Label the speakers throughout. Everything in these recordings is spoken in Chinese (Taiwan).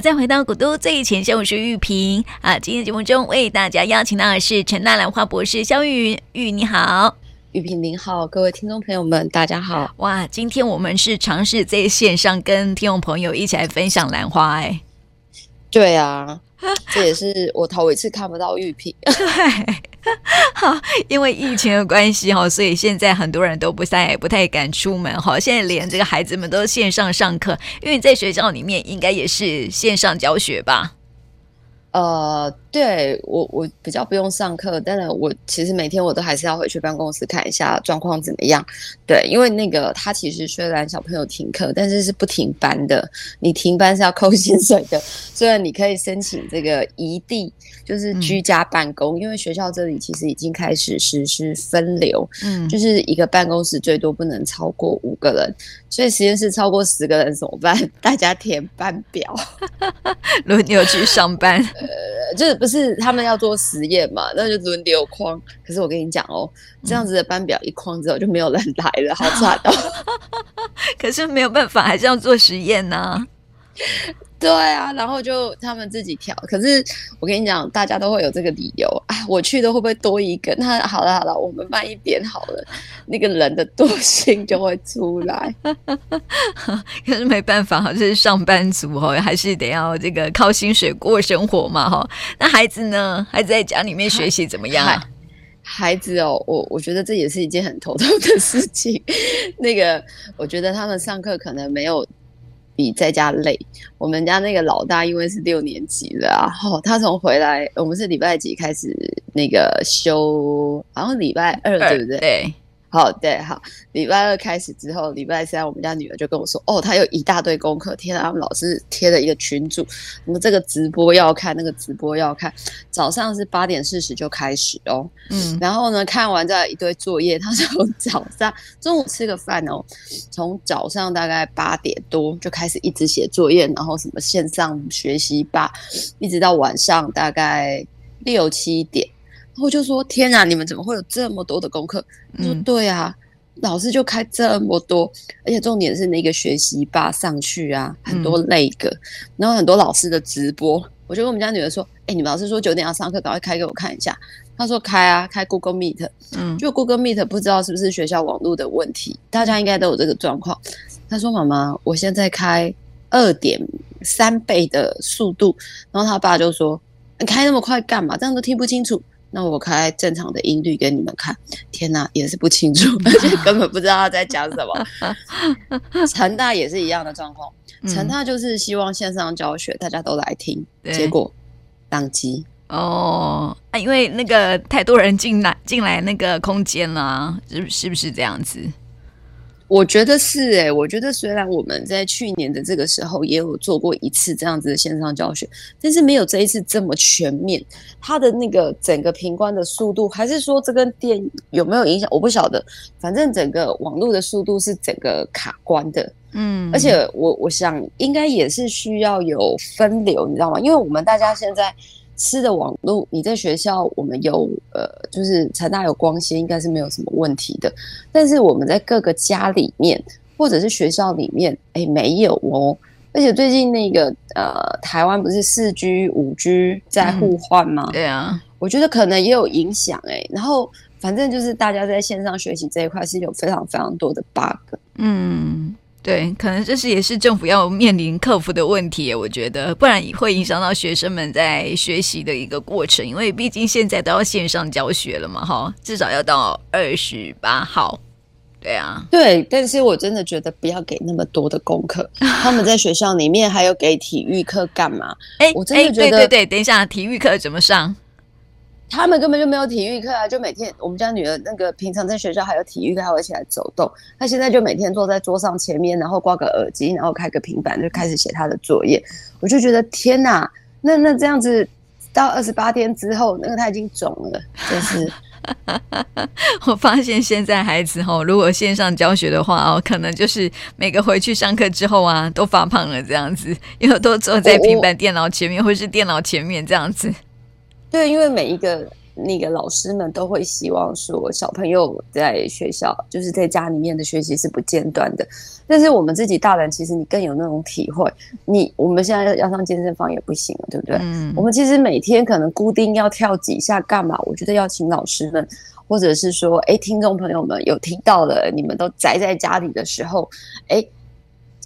Speaker 1: 再回到古都最前線，我是玉萍啊。今天節目中為大家邀請到的是成大蘭花博士蕭郁芸，玉你好，玉萍您好，各位聽眾朋友們，大家好。哇，今天我們是嘗試在線上跟聽眾朋友一起來分享蘭花、欸，哎，對啊。
Speaker 2: 這也是我頭一次看不到郁芸，
Speaker 1: 對，因為疫情的關係哈，所以現在很多人都不在，不太敢出門哈。現在連這個孩子們都線上上課，因為在學校裡面應該也是線上教學吧？
Speaker 2: 呃。對我，我比較不用上課，但是我其實每天我都還是要回去辦公室看一下狀況怎麼樣。對，因為那個他其實雖然小朋友停課，但是是不停班的。你停班是要扣薪水的。所以你可以申請這個異地，就是居家辦公，嗯、因為學校這裡其實已經開始實施分流，嗯，就是一個辦公室最多不能超過五個人，所以實驗室超過十個人怎麼辦？大家填班表， 輪流去上班， 呃，就是。不是，他們要做實驗嘛？那就輪流框。可是我跟你講哦，這樣子的班表一框之後就沒有人來了，好慘哦。
Speaker 1: 可是沒有辦法，還是要做實驗呢、啊。
Speaker 2: 對啊，然後就他們自己挑。可是我跟你講，大家都會有這個理由，哎，我去的會不會多一個？那好了好了，我們慢一點好了。那個人的惰性就會出來，
Speaker 1: 可是沒辦法，就是上班族哦，還是得要這個靠薪水過生活嘛哈、哦。那孩子呢？孩子在家裡面學習怎麼樣？
Speaker 2: 孩子哦，我我覺得這也是一件很頭痛的事情。 那個，我覺得他們上課可能沒有。比在家累。我們家那個老大，因為是六年級的、啊，然後他從回來，我們是禮拜幾開始那個休？好像禮拜二，對不對？對。好對，好。禮拜二開始之後，禮拜三我們家女兒就跟我說：“哦，她有一大堆功課，天哪，他們老師貼了一個群組，我們這個直播要看，那個直播要看。早上是八點四十就開始哦，嗯。然後呢，看完這一堆作業，她從早上中午吃個飯哦，從早上大概八點多就開始一直寫作業，然後什麼線上學習吧，一直到晚上大概六七點。”我就說天啊，你們怎麼會有這麼多的功課？嗯，對啊，老師就開這麼多，而且重點是那個學習吧上去啊，很多 lag，然後很多老師的直播，我就跟我們家女兒說：“哎、欸，你們老師說九點要上課，趕快開給我看一下。”她說：“開啊，開 Google Meet。”嗯，就 Google Meet，不知道是不是學校網絡的問題，嗯、大家應該都有這個狀況。她說：“媽媽，我現在開二點三倍的速度。”然後她爸就說：“你開那麼快幹嘛？這樣都聽不清楚。”那我開正常的音律給你們看，天哪，也是不清楚，而且 根本不知道他在講什麼。成 大也是一樣的狀況，成、嗯、大就是希望線上教學大家都來聽，對結果當機
Speaker 1: 哦，啊，因為那個太多人進來進來那個空間了，是是不是這樣子？我
Speaker 2: 覺得是哎、欸，我覺得雖然我們在去年的這個時候也有做過一次這樣子的線上教學，但是沒有這一次這麼全面。它的那個整個頻寬的速度，還是說這跟電有沒有影響？我不曉得，反正整個網絡的速度是整個卡關的。嗯，而且我我想應該也是需要有分流，你知道嗎？因為我們大家現在。吃的網絡，你在學校，我們有呃，就是成大有光纖，應該是沒有什麼問題的。但是我們在各個家裡面，或者是學校裡面，哎、欸，沒有哦。而且最近那個呃，台灣不是四 G、五 G 在互換嗎、嗯？對啊，我覺得可能也有影響哎、欸。然後反正就是大家在線上學習這一塊是有非常非常多的 bug，
Speaker 1: 嗯。對，可能這是也是政府要面臨克服的問題，我覺得，不然會影響到學生們在學習的一個過程，因為畢竟現在都要線上教學了嘛，哈，至少要到二十八號，對啊，
Speaker 2: 對，但是我真的覺得不要給那麼多的功課， 他們在學校裡面還有給體育課幹
Speaker 1: 嘛？哎，我真的覺得、哎、對對對，等一下，體育課怎麼上？他們根本就沒有體
Speaker 2: 育課啊！就每天，我們家女兒那個平常在學校還有體育課，還會起來走動。她現在就每天坐在桌上前面，然後掛個耳機，然後開個平板就開始寫她的作業。我就覺得天吶，那那這樣子，到二十八天之後，那個她已經腫了。就是，
Speaker 1: 我發現現在孩子哦，如果線上教學的話哦，可能就是每個回去上課之後啊，都發胖了這樣子，因為都坐在平板電腦前面或是電腦前面這樣子。
Speaker 2: 對，因為每一個那個老師們都會希望說，小朋友在學校就是在家裡面的學習是不間斷的。但是我們自己大人其實你更有那種體會。你我們現在要上健身房也不行了，對不對？嗯。我們其實每天可能固定要跳幾下幹嘛？我覺得要請老師們，或者是說，誒，聽眾朋友們有聽到了，你們都宅在家裡的時候，誒，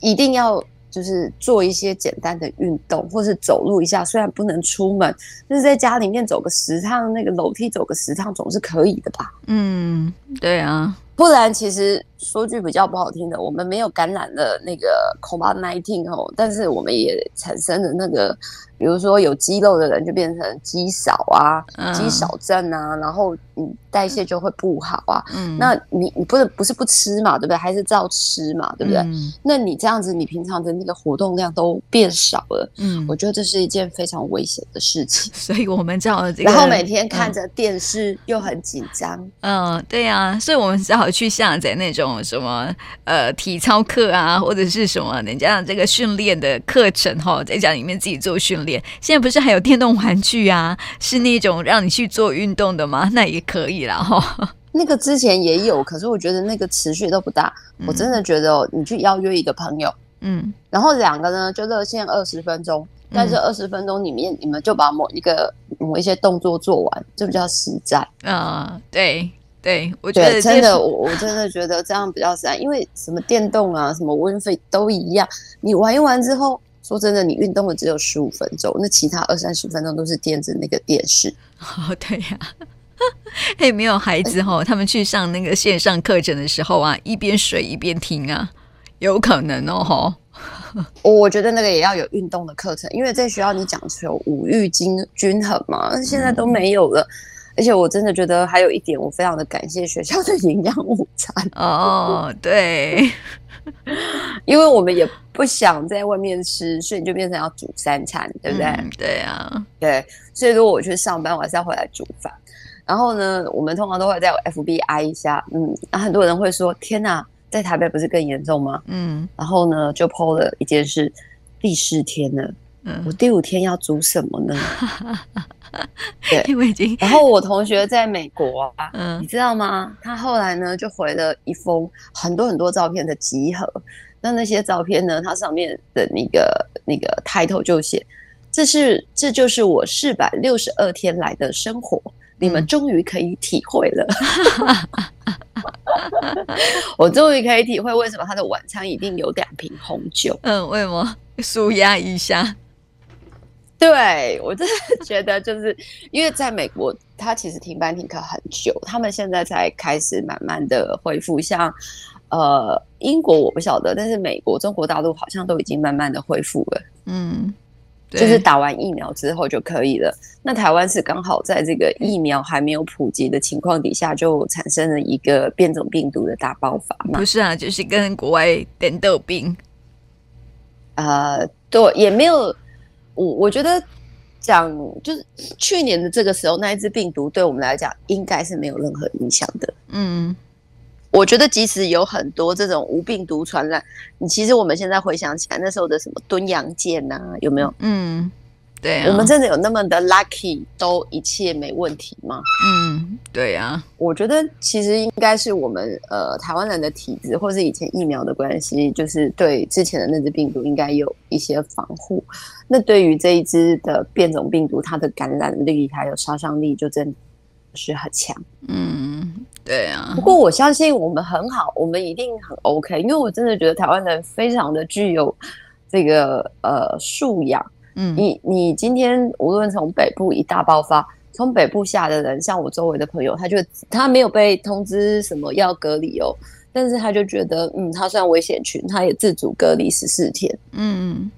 Speaker 2: 一定要。就是做一些簡單的運動，或是走路一下。雖然不能出門，但是在家裡面走個十趟，那個樓梯，走個十趟總是可以的吧？嗯，對啊，不然其實。說句比較不好聽的，我們沒有感染的那個 COVID-19 哦，但是我們也產生了那個，比如說有肌肉的人就變成肌少啊，嗯、肌少症啊，然後你代謝就會不好啊。嗯，那你你不是不是不吃嘛，對不對？還是照吃嘛，對不對？嗯、那你這樣子，你平常的那個活動量都變少了。嗯，我覺得這是一件非常危險的事情。所以我們只好這個。然後每天看着電視又很緊張。
Speaker 1: 嗯，對啊，所以我們只好去下載那種。什麼呃體操課啊，或者是什麼人家這個訓練的課程哈，在家裡面自己做訓練。現在不是還有電動玩具啊，是那種讓你去做運動的嗎？那也可以啦，哈。
Speaker 2: 那個之前也有，可是我覺得那個持續都不大。嗯、我真的覺得、哦，你去邀約一個朋友，嗯，然後兩個呢就熱線二十分鐘，但是二十分鐘裡面、嗯、你們就把某一個某一些動作做完，就比較實在。嗯、
Speaker 1: 呃，對。對，我覺得真的我，我真
Speaker 2: 的覺得這樣比較慘，因為什麼電動啊，什麼 Wii Fit 都一樣。你玩一玩之後，說真的，你運動的只有十五分鐘，那其他二三十分鐘都是盯著那個電視。
Speaker 1: 哦，對呀、啊， 嘿，沒有孩子哦。他們去上那個線上課程的時候啊，一邊睡一邊聽啊，有可能哦吼、
Speaker 2: 哦。我 我覺得那個也要有運動的課程，因為在學校你講求五育均均衡嘛，現在都沒有了。嗯而且我真的覺得還有一點，我非常的感謝學校的營養午餐
Speaker 1: 哦，oh, 對，
Speaker 2: 因為我們也不想在外面吃，所以你就變成要煮三餐，對不對？嗯、對啊，對，所以如果我去上班，我還是要回來煮飯。然後呢，我們通常都會在 FBI 一下，嗯，那、啊、很多人會說，天哪，在台北不是更嚴重嗎？嗯，然後呢，就 po 了一件事，第四天了。我第五天要煮什麼呢？ 對，因為已經。然後我同學在美國啊，你知道嗎？他後來呢就回了一封很多很多照片的集合。那那些照片呢，他上面的那個那個 title 就寫：“這是這就是我四百六十二天來的生活，你們終於可以體會了。”嗯、 我終於可以體會為什麼他的晚餐一定有兩瓶紅酒。嗯，
Speaker 1: 為什麼？舒壓一下。
Speaker 2: 對，我真的覺得就是，因為在美國，他其實停班停課很久，他們現在才開始慢慢的恢復。像呃，英國我不曉得，但是美國、中國大陸好像都已經慢慢的恢復
Speaker 1: 了。
Speaker 2: 嗯，就是打完疫苗之後就可以了。那台灣是剛好在這個疫苗還沒有普及的情況底下，就產生了一個變種病毒的大爆發
Speaker 1: 嘛？不是啊，就是跟國外顛倒病。啊、
Speaker 2: 嗯呃、
Speaker 1: 對，也沒有。
Speaker 2: 我我覺得講，講就是去年的這個時候，那一隻病毒對我們來講，應該是沒有任何影響的。嗯，我覺得即使有很多這種無病毒傳染，你其實我們現在回想起來，那時候的什麼“敦陽艦”吶，有沒有？嗯。對啊，我們真的有那麼的 lucky 都一切沒問題嗎？嗯，
Speaker 1: 對呀、
Speaker 2: 啊。我覺得其實應該是我們呃台灣人的體質，或是以前疫苗的關係，就是對之前的那支病毒應該有一些防護。那對於這一支的變種病毒，它的感染力還有殺傷力，就真的是很強。
Speaker 1: 嗯，
Speaker 2: 對啊。不過我相信我們很好，我們一定很 OK，因為我真的覺得台灣人非常的具有這個呃素養。嗯，你你今天無論從北部一大爆發，從北部下的人，像我周圍的朋友，他就他沒有被通知什麼要隔離哦，但是他就覺得，嗯，他算危險群，他也自主隔離十四天，嗯。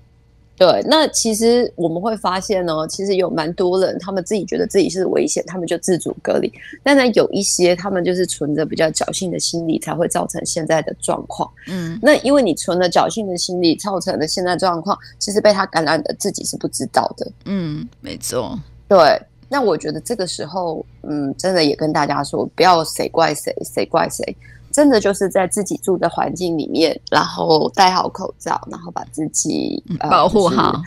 Speaker 2: 對，那其實我們會發現呢，哦，其實有蠻多人，他們自己覺得自己是危險，他們就自主隔離。但是有一些他們就是存着比較僥倖的心理，才會造成現在的狀況。嗯，那因為你存了僥倖的心理，造成的現在狀況，其實被他感染的自己是不知道的。嗯，沒錯。對，那我覺得這個時候，嗯，真的也跟大家說，不要誰怪誰，誰怪誰。真的就是在自己住的環境裡面，然後戴好口罩，然後把自己、嗯、保護好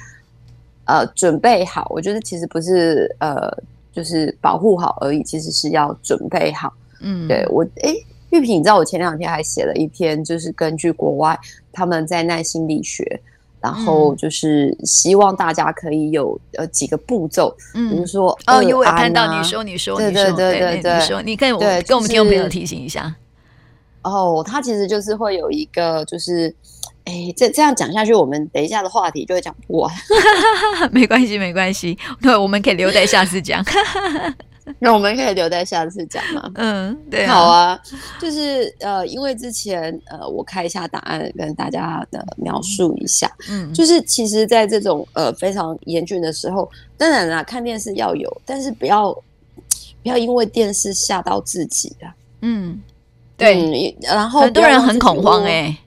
Speaker 2: 呃、就是，呃，準備好。我覺得其實不是呃，就是保護好而已，其實是要準備好。嗯，對我誒、欸，玉萍，你知道我前兩天還寫了一篇，就是根據國外他們在耐心理學，然後就是希望大家可以有呃幾個步驟，嗯、比如說、嗯嗯、哦，因為我有看到你說你說，你說對對對對對，你說你看我對、就是、跟我們聽眾朋友提醒一下。然後、oh, 他其實就是會有一個，就是，哎、欸，這這樣講下去，我們等一下的話題就會講不完 沒
Speaker 1: 係。沒關係，沒關係，那我們可以留在下次講。那我們可以留在下
Speaker 2: 次講嗎？嗯，對、啊，好啊。就是呃，因為之前呃，我開一下檔案，跟大家的描述一下。嗯，就是其實，在這種呃非常嚴峻的時候，當然啦，看電視要有，但是不要不要因為電視嚇到自己啊。嗯。對，嗯、然後很多人很恐慌，哎、欸。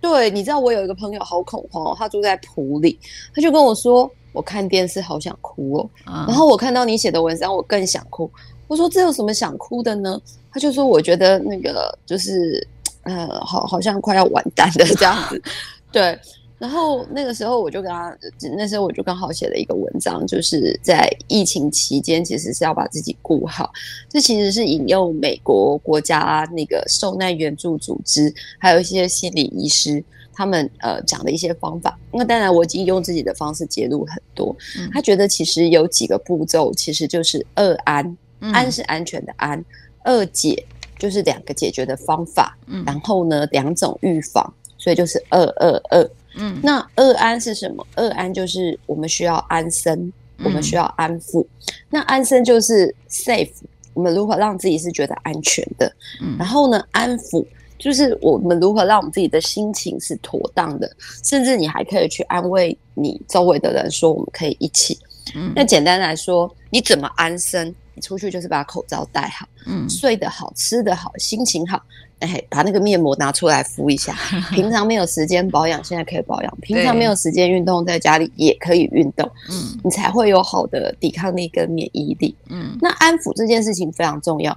Speaker 2: 對，你知道我有一個朋友好恐慌，哦、他住在埔里，他就跟我說：“我看電視好想哭哦。嗯”然後我看到你寫的文章，我更想哭。我說：“這有什麼想哭的呢？”他就說：“我覺得那個就是，呃，好，好像快要完蛋了這樣子。” 對。然後那個時候我就跟他，那時候我就剛好寫了一個文章，就是在疫情期間，其實是要把自己顧好。這其實是引用美國國家、啊、那個受難援助組織，還有一些心理醫師他們呃講的一些方法。那、嗯、當然我已經用自己的方式揭露很多。嗯、他覺得其實有幾個步驟，其實就是二安，安是安全的安；二、嗯、解就是兩個解決的方法。嗯，然後呢兩種預防，所以就是二二二。嗯，那二安是什麼？二安就是我們需要安身，嗯、我們需要安撫。那安身就是 safe，我們如何讓自己是覺得安全的？嗯，然後呢，安撫就是我們如何讓我們自己的心情是妥當的，甚至你還可以去安慰你周圍的人，說我們可以一起。嗯，那簡單來說，你怎麼安身？你出去就是把口罩戴好，嗯，睡得好，吃得好，心情好。哎、欸，把那個面膜拿出來敷一下。平常沒有時間保養， 現在可以保養。平常沒有時間運動，在家裡也可以運動。嗯對，你才會有好的抵抗力跟免疫力。嗯，那安撫這件事情非常重要。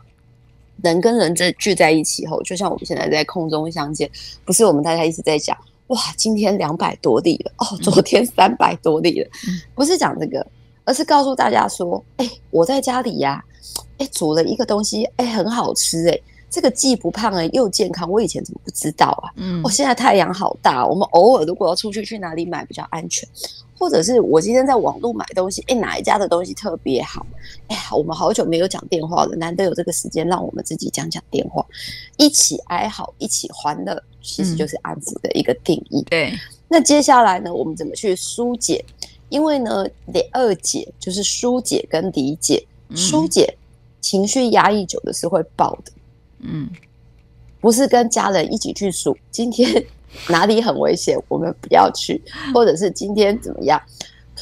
Speaker 2: 人跟人在聚在一起後，嗯、就像我們現在在空中相見，不是我們大家一直在講哇，今天兩百多例了哦，昨天三百多例了。 不是講這個，而是告訴大家說，哎、欸，我在家裡呀、啊，哎、欸，煮了一個東西，哎、欸，很好吃、欸，哎。這個既不胖啊、欸，又健康。我以前怎麼不知道啊？嗯，我、哦、現在太陽好大。我們偶爾如果要出去去哪裡買比較安全？或者是我今天在網絡買東西，哎，哪一家的東西特別好？哎呀，我們好久沒有講電話了，難得有這個時間，讓我們自己講講電話，一起哀嚎，一起歡樂，嗯、其實就是安撫的一個定義。對。那接下來呢，我們怎麼去疏解？因為呢，第二解，就是疏解跟理解。嗯、疏解情緒壓抑久的是會爆的。嗯，不是跟家人一起去數今天哪裡很危險，我們不要去，或者是今天怎麼樣？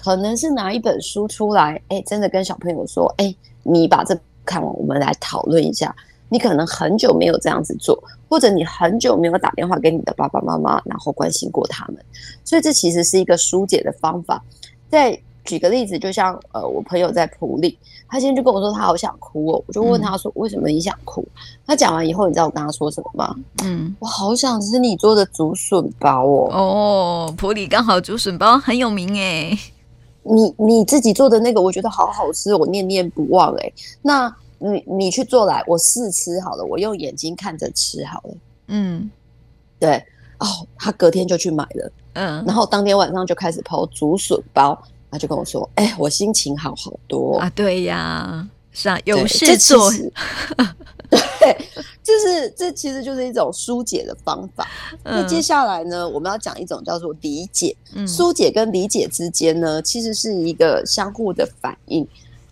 Speaker 2: 可能是拿一本書出來，哎、欸，真的跟小朋友說，哎、欸，你把這看完，我們來討論一下。你可能很久沒有這樣子做，或者你很久沒有打電話給你的爸爸媽媽，然後關心過他們。所以這其實是一個疏解的方法，在。舉個例子，就像呃，我朋友在埔里，他今天就跟我說他好想哭哦、喔，我就問他說為什麼你想哭？嗯、他講完以後，你知道我跟他說什麼嗎？嗯，我好想吃你做的竹
Speaker 1: 筍包、喔、哦。哦，埔里剛好竹筍包很有名誒、欸，
Speaker 2: 你你自己做的那個我覺得好好吃，我念念不忘誒、欸。那你你去做來，我試吃好了，我用眼睛看着吃好了。嗯，對，哦，他隔天就去買了，嗯，然後當天晚上就開始泡竹筍包。他就跟我說：“哎、欸，我心情好好多啊！對呀，是啊，有事做，對，這 對、就是這其實就是一種疏解的方法。嗯、那接下來呢，我們要講一種叫做理解。疏、嗯、解跟理解之間呢，其實是一個相互的反應。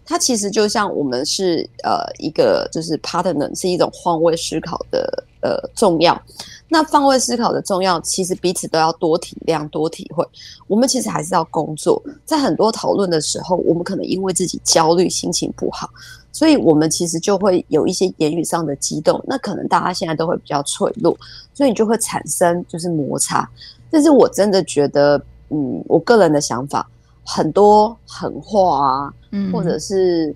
Speaker 2: 它其實就像我們是呃一個就是 partner，是一種換位思考的呃重要。”那換位思考的重要，其實彼此都要多體諒、多體會。我們其實還是要工作，在很多討論的時候，我們可能因為自己焦慮、心情不好，所以我們其實就會有一些言語上的激動。那可能大家現在都會比較脆弱，所以你就會產生就是摩擦。但是我真的覺得，嗯，我個人的想法，很多狠話啊，嗯、哼或者是。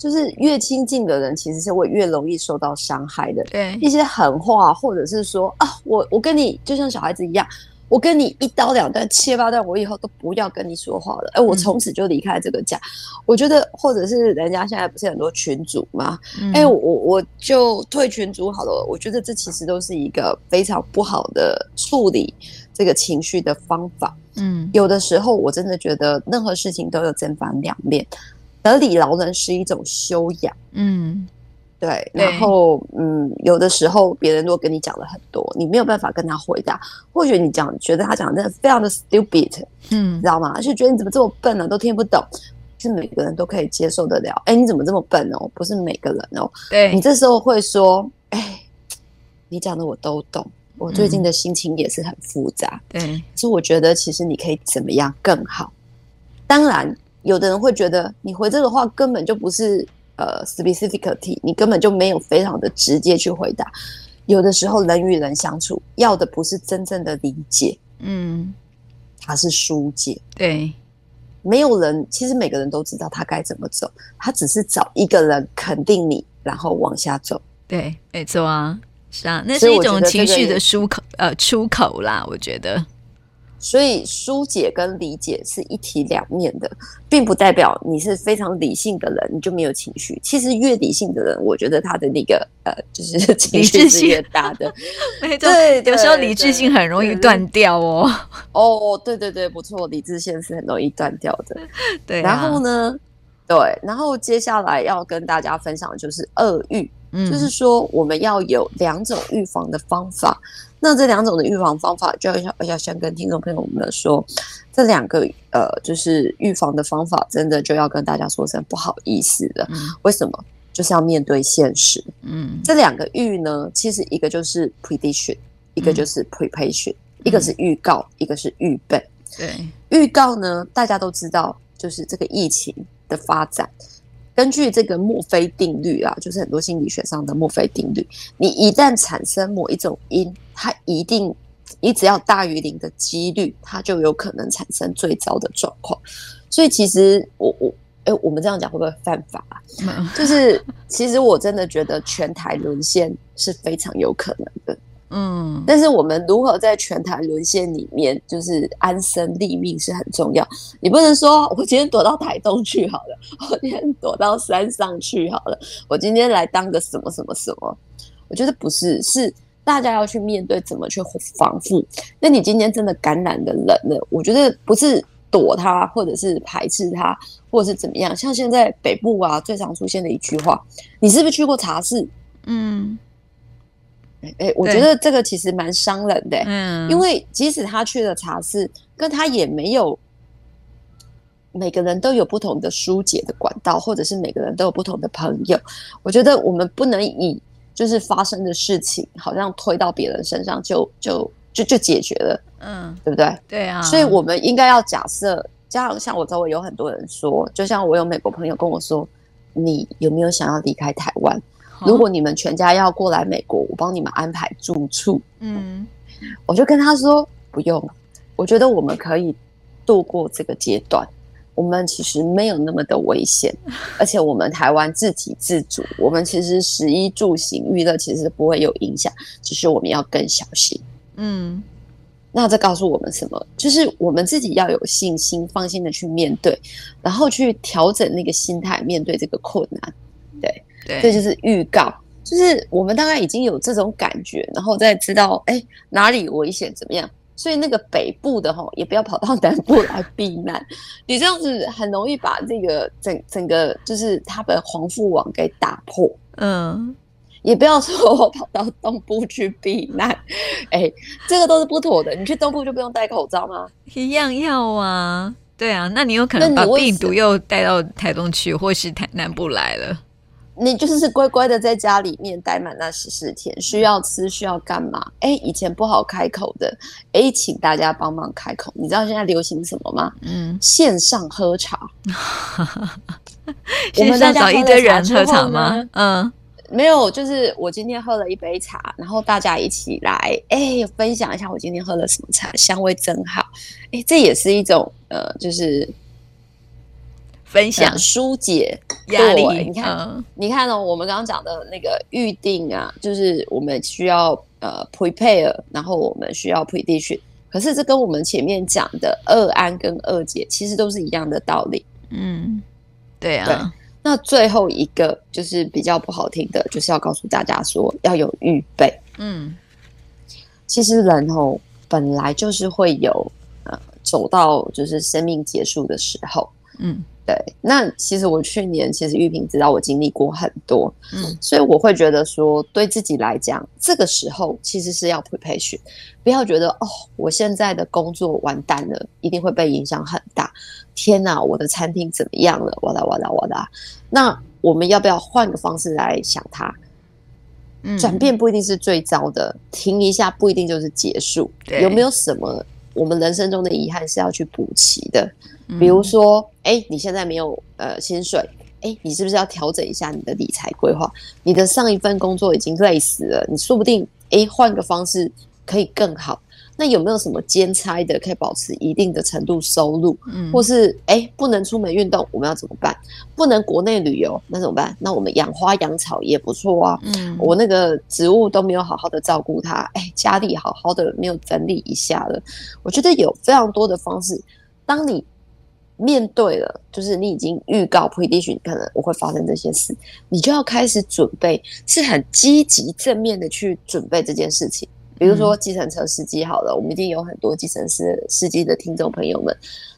Speaker 2: 就是越親近的人，其實是會越容易受到傷害的。對。一些狠話，或者是說啊，我我跟你就像小孩子一樣，我跟你一刀兩斷、切八段，我以後都不要跟你說話了。哎，我從此就離開這個家。嗯、我覺得，或者是人家現在不是很多群組嘛？哎、嗯，我我就退群組好了。我覺得這其實都是一個非常不好的處理這個情緒的方法。嗯，有的時候我真的覺得任何事情都有正反兩面。得理饒人是一種修養，
Speaker 1: 嗯，
Speaker 2: 對。然後，對嗯，有的時候別人如果跟你講了很多，你沒有辦法跟他回答，或許你講覺得他講的真的非常的 stupid，嗯，你知道嗎？而且覺得你怎麼這麼笨呢？啊，都聽不懂，是每個人都可以接受得了。哎，欸，你怎麼這麼笨哦，喔？不是每個人哦，喔，對你這時候會說，哎，欸，你講的我都懂，我最近的心情也是很複雜，對、嗯。所以我覺得其實你可以怎麼樣更好，當然。有的人會覺得你回這個話根本就不是呃 specificity，你根本就沒有非常的直接去回答。有的時候人與人相處要的不是真正的理解，嗯，他是疏解，對，沒有人其實每個人都知道他該怎麼走，他只是找一個人肯定你，然後往下
Speaker 1: 走。對，哎，走啊，是啊，那是一種情緒的疏口呃出口啦，我覺得。所以
Speaker 2: 疏解跟理解是一體兩面的，並不代表你是非常理性的人，你就沒有情緒。其實越理性的人，我覺得他的那個呃，就是情緒是越
Speaker 1: 大的，對，對對，有時候理智性很容易斷掉哦。
Speaker 2: 哦，對對，oh, 對對對，不錯，理智線是很容易斷掉的。對、啊，然後呢？對，然後接下來要跟大家分享的就是惡慾，嗯、就是說我們要有兩種預防的方法。那這兩種的預防方法，就要要先跟聽眾朋友們說，這兩個呃，就是預防的方法，真的就要跟大家說聲不好意思了。嗯、為什麼？就是要面對現實。嗯，這兩個預呢，其實一個就是 prediction，一個就是 preparation，嗯、一個是預告，一個是預備。
Speaker 1: 對，
Speaker 2: 預告呢，大家都知道，就是這個疫情的發展。根據這個墨菲定律啊，就是很多心理學上的墨菲定律，你一旦產生某一種因，它一定，你只要大於零的幾率，它就有可能產生最糟的狀況。所以其實我我哎、欸，我們這樣講會不會犯法啊？ 就是其實我真的覺得全台淪陷是非常有可能的。嗯，但是我們如何在全台淪陷裡面，就是安身立命是很重要。你不能說我今天躲到台東去好了，我今天躲到山上去好了，我今天來當個什麼什麼什麼？我覺得不是，是大家要去面對，怎麼去防護？那你今天真的感染的人呢，我覺得不是躲他，或者是排斥他，或者是怎麼樣？像現在北部啊，最常出現的一句話，你是不是去過茶室？嗯。哎，欸、對我覺得這個其實蠻傷人的，欸，嗯，因為即使他去了茶室，跟他也沒有每個人都有不同的疏解的管道，或者是每個人都有不同的朋友。我覺得我們不能以就是發生的事情，好像推到別人身上就就就就，就解決了，嗯，對不對？
Speaker 1: 對啊，所以我
Speaker 2: 們應該要假設，像像我周圍有很多人說，就像我有美國朋友跟我說，你有沒有想要離開台灣？如果你們全家要過來美國，我幫你們安排住處。嗯，我就跟他說不用了，我覺得我們可以度過這個階段。我們其實沒有那麼的危險，而且我們台灣自給自足，我們其實食衣住行娛樂其實不會有影響，只是我們要更小心。嗯，那這告訴我們什麼？就是我們自己要有信心，放心的去面對，然後去調整那個心態，面對這個困難。對。這對就是預告，就是我們大概已經有這種感覺，然後再知道，哎，哪裡危險，怎麼樣？所以那個北部的齁，也不要跑到南部來避難， 你這樣子很容易把這個整整個就是它的防護網給打破。嗯，也不要說我跑到東部去避難，哎，這個都是不妥的。你去東部就不用戴口罩嗎？啊？
Speaker 1: 一樣要啊。對啊，那你有可能把病毒又帶到台東去，或是台南部來了。你
Speaker 2: 就是，是乖乖的在家裡面待滿那十四天。需要吃，需要幹嘛？哎、欸，以前不好開口的，哎、欸，請大家幫忙開口。你知道現在流行什麼嗎？嗯，線上喝茶。
Speaker 1: 線上我找一堆人喝茶嗎？嗯，
Speaker 2: 沒有，就是我今天喝了一杯茶，然後大家一起來，哎、欸，分享一下我今天喝了什麼茶，香味真好。哎、欸，這也是一種呃，就是。分享、疏、嗯、解壓力。你看，嗯、你看、哦、我們剛剛講的那個預定啊，就是我們需要呃 prepare，然後我們需要 prediction。Ition, 可是這跟我們前面講的二安跟二解其實都是一樣的道理。嗯，對啊對。那最後一個就是比較不好聽的，就是要告訴大家說要有預備。嗯，其實人哦本來就是會有、呃、走到就是生命結束的時候。嗯。對，那其實我去年其實郁芸知道我經歷過很多，嗯，所以我會覺得說，對自己來講，這個時候其實是要培訓，不要覺得哦，我現在的工作完蛋了，一定會被影響很大。天哪，我的餐廳怎麼樣了？哇啦哇啦哇啦！那我們要不要換個方式來想它？嗯，轉變不一定是最糟的，停一下不一定就是結束。對有沒有什麼？我們人生中的遺憾是要去補齊的，
Speaker 1: 比如說，
Speaker 2: 哎，你現在沒有呃薪水，哎，你是不是要調整一下你的理財規劃？你的上一份工作已經累死了，你說不定，哎，換個方式可以更好。那有沒有什麼兼差的可以保持一定的程度收入？嗯嗯嗯，或是哎、欸，不能出門運動，我們要怎麼辦？不能國內旅遊，那怎麼辦？那我們養花養草也不錯啊。嗯，嗯，嗯、我那個植物都沒有好好的照顧它，哎、欸，家裡好好的沒有整理一下了。我覺得有非常多的方式，當你面對了，就是你已經預告，prediction 可能我會發生這些事，你就要開始準備，是很積極正面的去準備這件事情。比如說，計程車司機好了，嗯、我們已經有很多計程車司機的聽眾朋友們，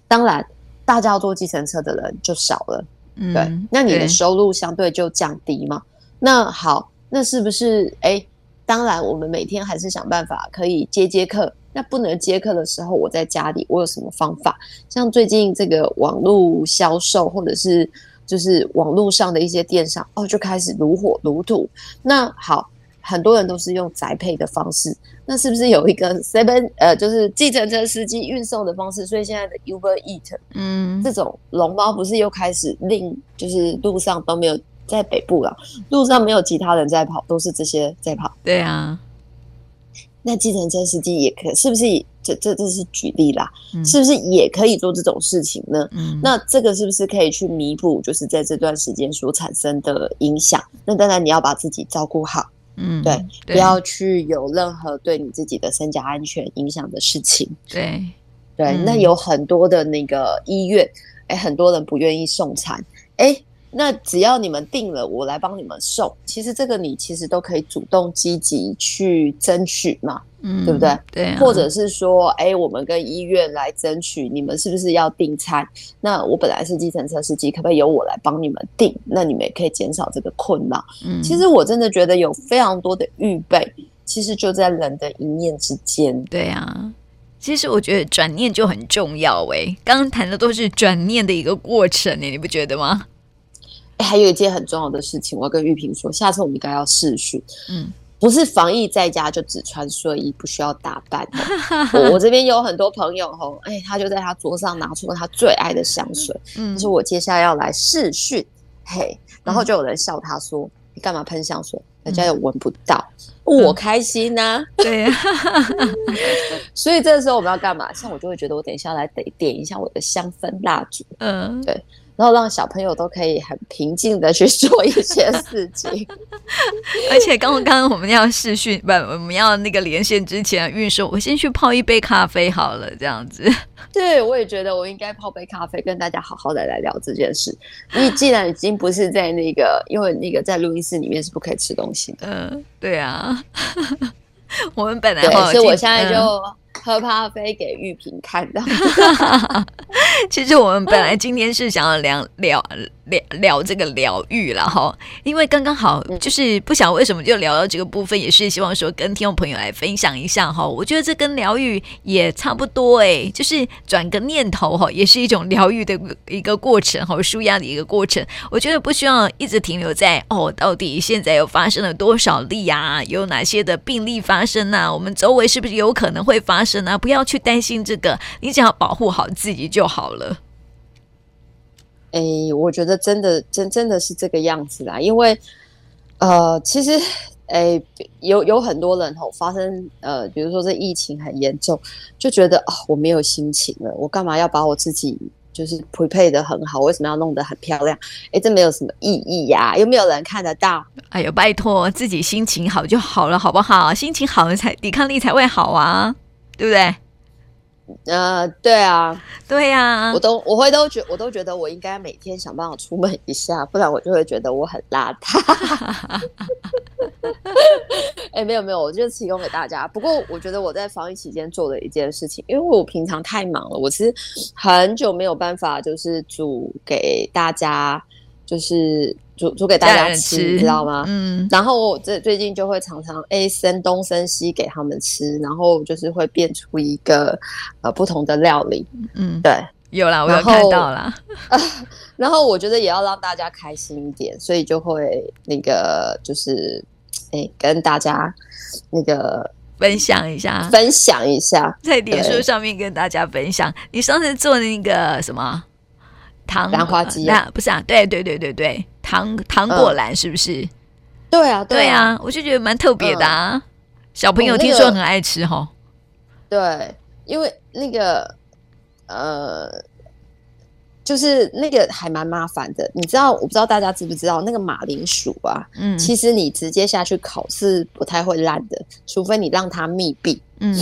Speaker 2: 當然，大家要坐計程車的人就少了，嗯、對，那你的收入相對就降低嘛。嗯、那好，那是不是？哎、欸，當然，我們每天還是想辦法可以接接客。那不能接客的時候，我在家裡，我有什麼方法？像最近這個網絡銷售，或者是就是網絡上的一些電商，哦，就開始如火如荼。那好。很多人都是用宅配的方式，那是不是有一個 seven 呃，就是計程車司機運送的方式？所以現在的 Uber Eat 嗯，這種龍貓不是又開始另，就是路上都沒有在北部了，路上沒有其他人在跑，都是這些在跑。對啊，那計程車司機也可以是不是？這這這，這是舉例啦，嗯，是不是也可以做這種事情呢？嗯，那這個是不是可以去彌補？就是在這段時間所產生的影響？那當然你要把自己照顧好。嗯，對，對，不要去有任何對你自己的身家安全影響的事情。對，對，嗯、那有很多的那個醫院，哎，很多人不願意送餐，哎。那只要你們訂了，我來幫你們送。其實這個你其實都可以主動積極去爭取嘛，嗯、對不對？對、啊，或者是說，哎、欸，我們跟醫院來爭取，你們是不是要訂餐？那我本來是計程車司機，可不可以由我來幫你們訂？那你們也可以減少這個困擾。嗯，其實我真的覺得有非常多的預備，其實就在人的一念之間。對啊，
Speaker 1: 其實我覺得轉念就很重要。誒，剛剛談的都是轉念的一個過程，哎，你不覺得嗎？
Speaker 2: 還有一件很重要的事情，我要跟玉萍說，下次我們應該要視訊。
Speaker 1: 嗯，
Speaker 2: 不是防疫在家就只穿睡衣，不需要打扮的 我。我這邊有很多朋友哎，他就在他桌上拿出他最愛的香水，就、嗯、是我接下來要來視訊，嘿，然後就有人笑他說、嗯、你幹嘛噴香水，人家又聞不到，嗯、我開心吶、啊。 對、啊， 所以這個時候我們要幹嘛？像我就會覺得我等一下來得點一下我的香氛蠟燭。嗯，對。然後讓小朋友都可以很平靜的去做一些事情，
Speaker 1: 而且剛剛我們要視訊， 不，我們要那個連線之前預收，我先去泡一杯咖啡好了，這樣子。
Speaker 2: 對，我也覺得我應該泡杯咖啡，跟大家好好的來聊這件事。 你既然已經不是在那個，因為那個在錄音室裡面是不可以吃東西
Speaker 1: 的。嗯，對啊。 我們本來對，所以我現在就。嗯喝咖
Speaker 2: 啡給郁芸看到，
Speaker 1: 其實我們本來今天是想要聊 聊。聊這個療癒了哈，因為剛剛好就是不曉得為什麼就聊到這個部分，也是希望說跟聽眾朋友來分享一下哈。我覺得這跟療癒也差不多哎、欸，就是轉個念頭哈，也是一種療癒的一個過程哈，舒壓的一個過程。我覺得不需要一直停留在哦，到底現在又發生了多少例啊？有哪些的病例發生呢、啊？我們周圍是不是有可能會發生呢、啊？不要去擔心這個，你只要保護好自己就好了。
Speaker 2: 哎，我覺得真的，真真的是這個樣子啦。因為，呃，其實，哎，有有很多人吼、哦、發生，呃，比如說這疫情很嚴重，就覺得哦，我沒有心情了，我幹嘛要把我自己就是 prepare 得很好？為什麼要弄得很漂亮？哎，這沒有什麼意義呀、啊。又沒有人
Speaker 1: 看得到。哎呦，拜托，自己心情好就好了，好不好？心情好了才抵抗力才會好啊，對不對？呃，
Speaker 2: 對啊，對呀、啊，我都我會都覺，我都覺得我應該每天想辦法出門一下，不然我就會覺得我很邋遢。哎、 欸，沒有沒有，我就提供給大家。不過我覺得我在防疫期間做的一件事情，因為我平常太忙了，我其實很久沒有辦法就是煮給大家。就是煮煮給大家吃，吃知道嗎？嗯，然後最最近就會常常 a、欸、生，東、生西給他們吃，然後就是會變出一個呃不同的料理。嗯，對，
Speaker 1: 有啦，我有看到啦
Speaker 2: 然、呃。然後我覺得也要讓大家開心一點，所以就會那個就是哎、欸，跟大家那個分享一下，分享一下，在臉書上
Speaker 1: 面對跟大家分享。你上次做那個什麼？糖蘭花雞、啊、不是啊，對對對對對，糖糖果藍是不是、嗯？對啊，對啊，對啊，我就覺得蠻特別的啊。嗯、小朋友聽說很愛吃齁。對，
Speaker 2: 因為那個呃，就是那個還蠻麻煩的。你知道，我不知道大家知不知道，那個馬鈴薯啊，嗯、其實你直接下去烤是不太會爛的，除非你讓它密閉。嗯，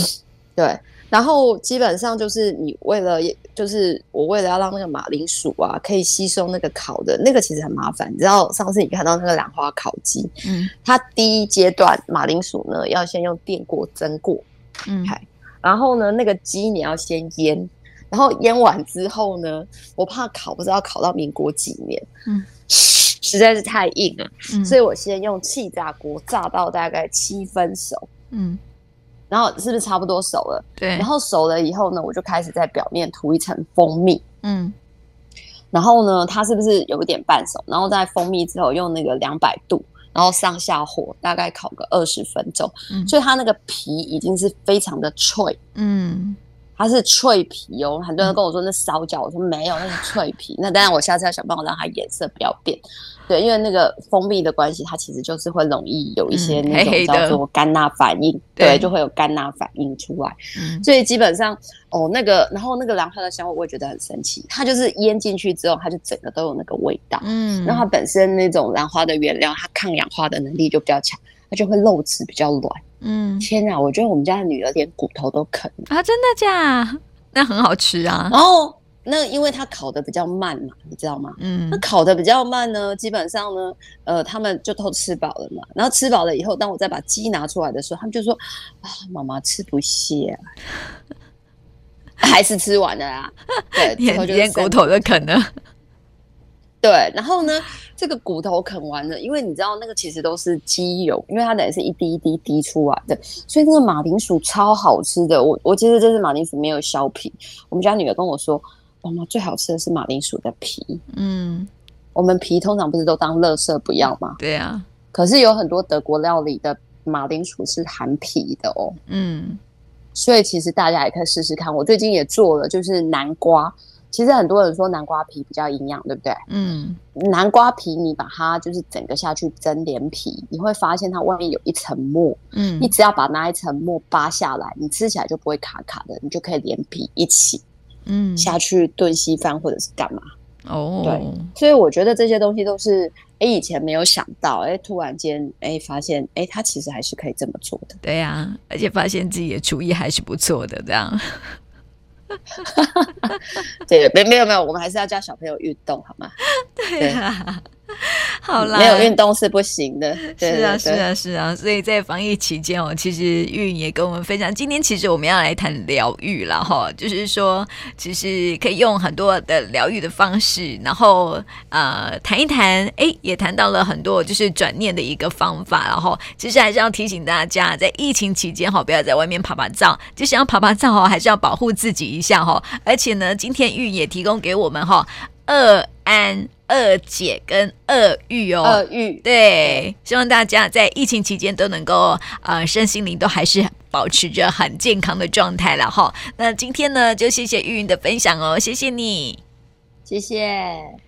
Speaker 2: 對。然後基本上就是你為了，就是我為了要讓那個馬鈴薯啊可以吸收那個烤的那個，其實很麻煩。你知道上次你看到那個蘭花烤雞，嗯，它第一階段馬鈴薯呢要先用電鍋蒸過，
Speaker 1: 嗯，
Speaker 2: 然後呢那個雞你要先醃，然後醃完之後呢，我怕烤不知道烤到民國幾年，嗯，實在是太硬了，嗯、所以我先用氣炸鍋炸到大概七分熟，嗯。嗯然後是不是差不多熟了？對，然後熟了以後呢，我就開始在表面塗一層蜂蜜。嗯，然後呢，它是不是有一點半熟？然後在蜂蜜之後用那個兩百度，然後上下火大概烤個二十分鐘。嗯，所以它那個皮已經是非常的脆。嗯。它是脆皮哦，很多人跟我說那燒焦，嗯、我說沒有，那是脆皮。那當然我下次要想辦法讓它顏色不要變，對，因為那個蜂蜜的關係，它其實就是會容易有一些那種、嗯、黑黑叫做干鈉反應，對，對，就會有干鈉反應出來。嗯、所以基本上哦，那個然後那個蘭花的香味，我也覺得很神奇，它就是醃進去之後，它就整個都有那個味道。嗯，然後它本身那種蘭花的原料，它抗氧化的能力就比較強，它就會肉質比較軟。嗯，天哪、啊！我覺得我們家的女兒連骨頭都啃啊，真的假、啊？那很好吃啊。然後那因為她烤得比較慢嘛，你知道嗎？嗯，那烤得比較慢呢，基本上呢，呃，他們就都吃飽了嘛。然後吃飽了以後，當我再把雞拿出來的時候，他們就說：“啊，媽媽吃不下啊， 啊，還是吃完了啊。”
Speaker 1: 對，連骨,骨頭都啃了。
Speaker 2: 對，然後呢？這個骨頭啃完了，因為你知道那個其實都是雞油，因為它等於是一滴一滴滴出來的，所以那個馬鈴薯超好吃的。我我記得這是馬鈴薯沒有削皮，我們家女兒跟我說，媽媽最好吃的是馬鈴薯的皮。嗯，我們皮通常不是都當垃圾不要嗎？對呀、啊，可是有很多德國料理的馬鈴薯是含皮的哦。嗯，所以其實大家也可以試試看，我最近也做了，就是南瓜。其實很多人說南瓜皮比較營養，對不對？嗯，南瓜皮你把它就是整個下去蒸連皮，你會發現它外面有一層膜。嗯，你只要把那一層膜扒下來，你吃起來就不會卡卡的，你就可以連皮一起，嗯，下去燉稀飯或者是幹嘛。哦、嗯，對，所以我覺得這些東西都是，哎、欸，以前沒有想到，哎、欸，突然間，哎、欸，發現，
Speaker 1: 哎、欸，它其實還是可以這麼做的。對呀、啊，而且發現自己的廚藝還是不錯的，這樣。
Speaker 2: 對，沒有沒有，我們還是要教小朋友運動，好嗎？對呀、啊。
Speaker 1: 對好啦，沒有運動
Speaker 2: 是不行的，是啊，是啊，對是
Speaker 1: 啊，所以在防疫期間哦，其實郁也跟我們分享，今天其實我們要來談療癒了，哈、哦，就是說其實可以用很多的療癒的方式，然後呃談一談，哎，也談到了很多就是轉念的一個方法，然後其實還是要提醒大家，在疫情期間哈、哦，不要在外面趴趴走，就是要趴趴走哦，還是要保護自己一下哈、哦，而且呢，今天郁也提供給我們哈。哦二安、二姐跟二玉哦，二玉對，希望大家在疫情期間都能夠啊、呃，身心靈都還是保持着很健康的狀態了哈。那今天呢，就謝謝郁芸的分享哦，謝謝你，謝謝。